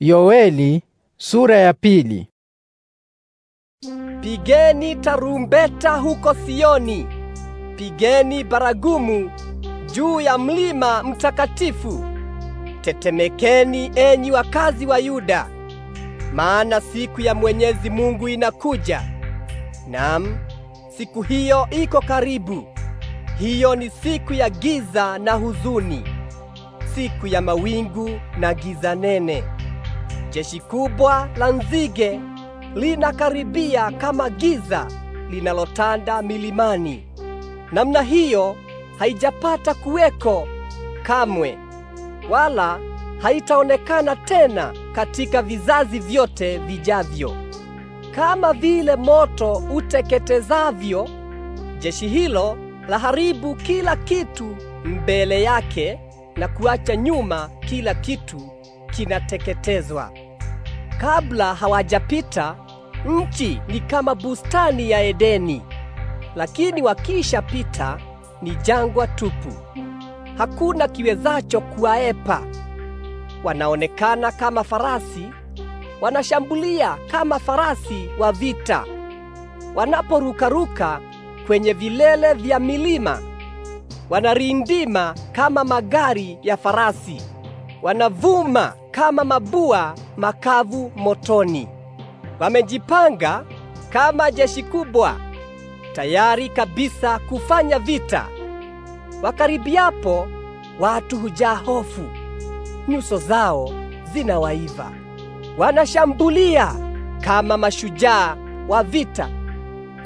Yoeli sura ya pili. Pigeni tarumbeta huko Sioni, pigeni baragumu juu ya mlima mtakatifu. Tetemekeni enyi wakazi wa Yuda, maana siku ya Mwenyezi Mungu inakuja. Naam, siku hiyo iko karibu. Hiyo ni siku ya giza na huzuni, siku ya mawingu na giza nene. Jeshi kubwa la nzige linakaribia kama giza linalotanda milimani. Namna hiyo haijapata kuweko kamwe, wala haitaonekana tena katika vizazi vyote vijavyo. Kama vile moto uteketezavyo, jeshi hilo laharibu kila kitu mbele yake na kuacha nyuma kila kitu kinateketezwa. Kabla hawajapita, nchi ni kama bustani ya Edeni, lakini wakishapita ni jangwa tupu. Hakuna kiwezacho kuwaepa. Wanaonekana kama farasi, wanashambulia kama farasi wa vita, wanaporukaruka kwenye vilele vya milima, wanarindima kama magari ya farasi, wanavuma kama mabua makavu motoni. Wamejipanga kama jeshi kubwa, tayari kabisa kufanya vita. Wakaribiapo watu hujaa hofu, nyuso zao zinawaiva. Wanashambulia kama mashujaa wa vita,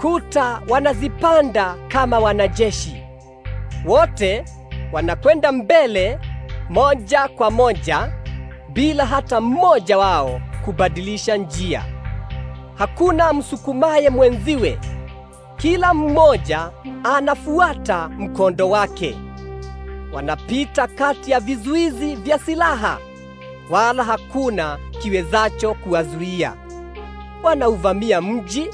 kuta wanazipanda kama wanajeshi. Wote wanakwenda mbele moja kwa moja bila hata mmoja wao kubadilisha njia. Hakuna msukumaye mwenziwe, kila mmoja anafuata mkondo wake. Wanapita kati ya vizuizi vya silaha, wala hakuna kiwezacho kuwazuia. Wanauvamia mji,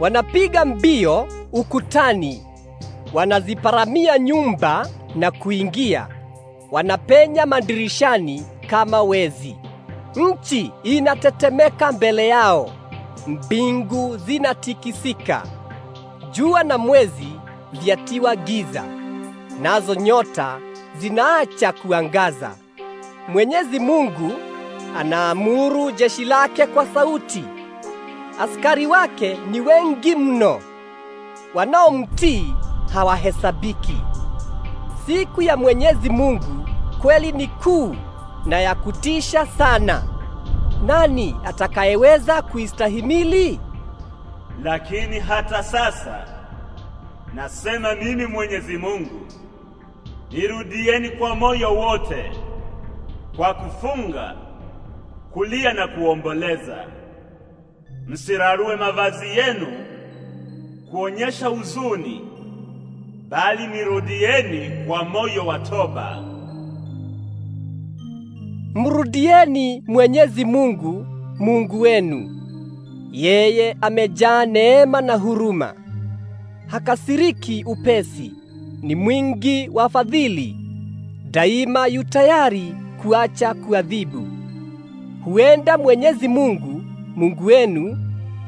wanapiga mbio ukutani, wanaziparamia nyumba na kuingia, wanapenya madirishani kama wezi. Nchi inatetemeka mbele yao, mbingu zinatikisika, jua na mwezi vyatiwa giza, nazo nyota zinaacha kuangaza. Mwenyezi Mungu anaamuru jeshi lake kwa sauti, askari wake ni wengi mno, wanaomtii hawahesabiki. Siku ya Mwenyezi Mungu kweli ni kuu na ya kutisha sana. Nani atakayeweza kuistahimili? Lakini hata sasa nasema mimi Mwenyezi Mungu, nirudieni kwa moyo wote, kwa kufunga, kulia na kuomboleza. Msirarue mavazi yenu kuonyesha huzuni, bali nirudieni kwa moyo wa toba. Mrudieni Mwenyezi Mungu, Mungu wenu. Yeye amejaa neema na huruma, hakasiriki upesi, ni mwingi wa fadhili, daima yu tayari kuacha kuadhibu. Huenda Mwenyezi Mungu, Mungu wenu,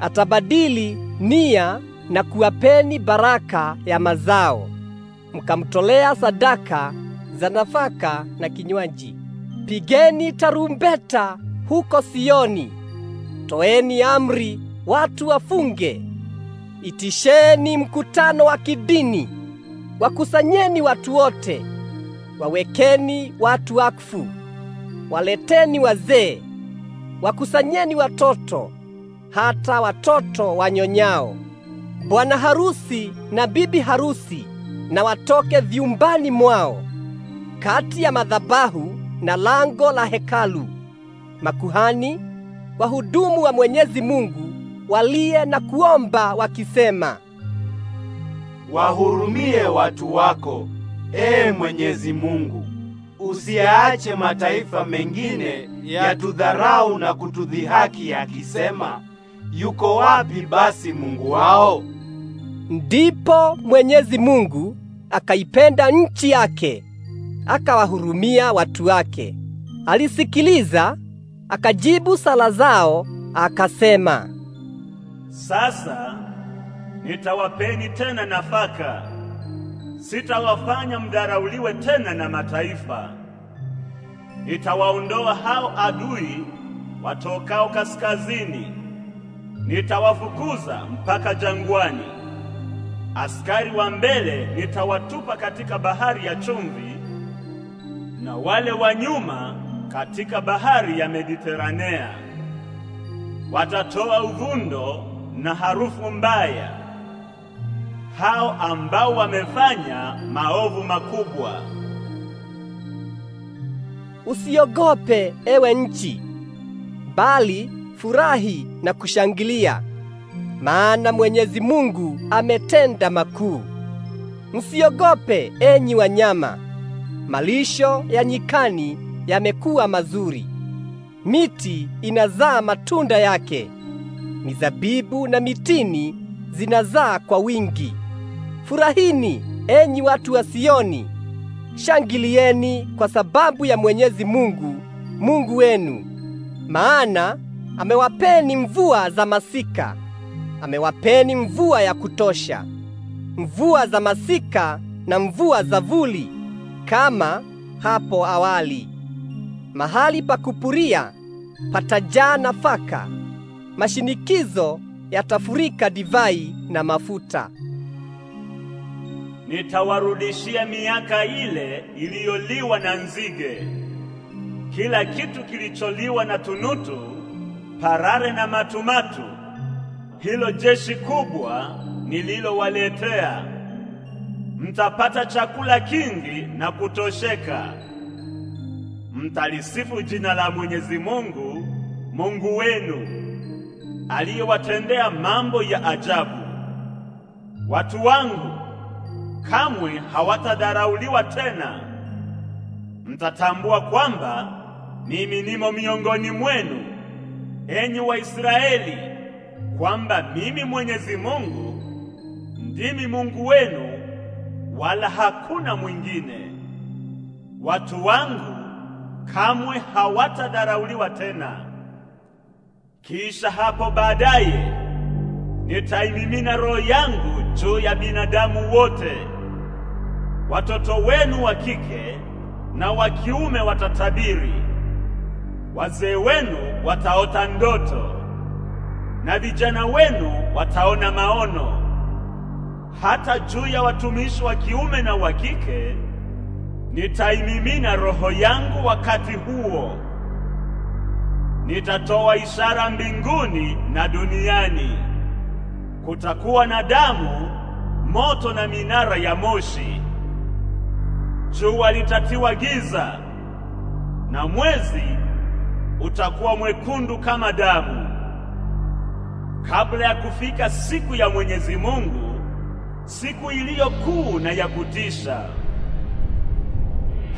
atabadili nia na kuwapeni baraka ya mazao, mkamtolea sadaka za nafaka na kinywaji. Pigeni tarumbeta huko Sioni, toeni amri watu wafunge, itisheni mkutano wa kidini, wakusanyeni watu wote, wawekeni watu wakfu, waleteni wazee, wakusanyeni watoto, hata watoto wanyonyao, bwana harusi na bibi harusi, na watoke vyumbani mwao kati ya madhabahu na lango la hekalu, makuhani wahudumu wa Mwenyezi Mungu walie na kuomba wakisema, wahurumie watu wako, ee Mwenyezi Mungu, usiyaache mataifa mengine yatudharau na kutudhihaki yakisema, yuko wapi basi Mungu wao? Ndipo Mwenyezi Mungu akaipenda nchi yake akawahurumia watu wake. Alisikiliza, akajibu sala zao, akasema, sasa nitawapeni tena nafaka, sitawafanya mdarauliwe tena na mataifa. Nitawaondoa hao adui watokao kaskazini, nitawafukuza mpaka jangwani. Askari wa mbele nitawatupa katika bahari ya chumvi na wale wa nyuma katika bahari ya Mediteranea. Watatoa uvundo na harufu mbaya, hao ambao wamefanya maovu makubwa. Usiogope ewe nchi, bali furahi na kushangilia, maana Mwenyezi Mungu ametenda makuu. Msiogope enyi wanyama Malisho ya nyikani yamekuwa mazuri, miti inazaa matunda yake, mizabibu na mitini zinazaa kwa wingi. Furahini enyi watu wa Sioni, shangilieni kwa sababu ya Mwenyezi Mungu, Mungu wenu, maana amewapeni mvua za masika, amewapeni mvua ya kutosha, mvua za masika na mvua za vuli kama hapo awali. Mahali pa kupuria patajaa nafaka, mashinikizo yatafurika divai na mafuta. Nitawarudishia miaka ile iliyoliwa na nzige, kila kitu kilicholiwa na tunutu, parare na matumatu, hilo jeshi kubwa nililowaletea mtapata chakula kingi na kutosheka. Mtalisifu jina la Mwenyezi Mungu Mungu wenu aliyewatendea mambo ya ajabu. Watu wangu kamwe hawatadharauliwa tena. Mtatambua kwamba mimi nimo miongoni mwenu, enyi Waisraeli, kwamba mimi Mwenyezi Mungu ndimi Mungu wenu wala hakuna mwingine. Watu wangu kamwe hawatadharauliwa tena. Kisha hapo baadaye nitaimimina roho yangu juu ya binadamu wote. Watoto wenu wa kike na wa kiume watatabiri, wazee wenu wataota ndoto, na vijana wenu wataona maono hata juu ya watumishi wa kiume na wa kike nitaimimina roho yangu wakati huo. Nitatoa ishara mbinguni na duniani, kutakuwa na damu, moto na minara ya moshi. Jua litatiwa giza na mwezi utakuwa mwekundu kama damu, kabla ya kufika siku ya Mwenyezi Mungu siku iliyo kuu na ya kutisha.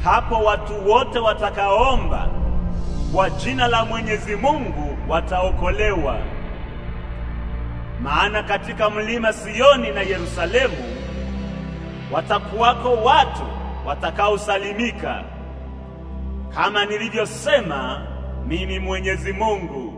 Hapo watu wote watakaomba kwa jina la Mwenyezi Mungu wataokolewa. Maana katika mlima Sioni na Yerusalemu watakuwako watu watakaosalimika, kama nilivyosema mimi Mwenyezi Mungu.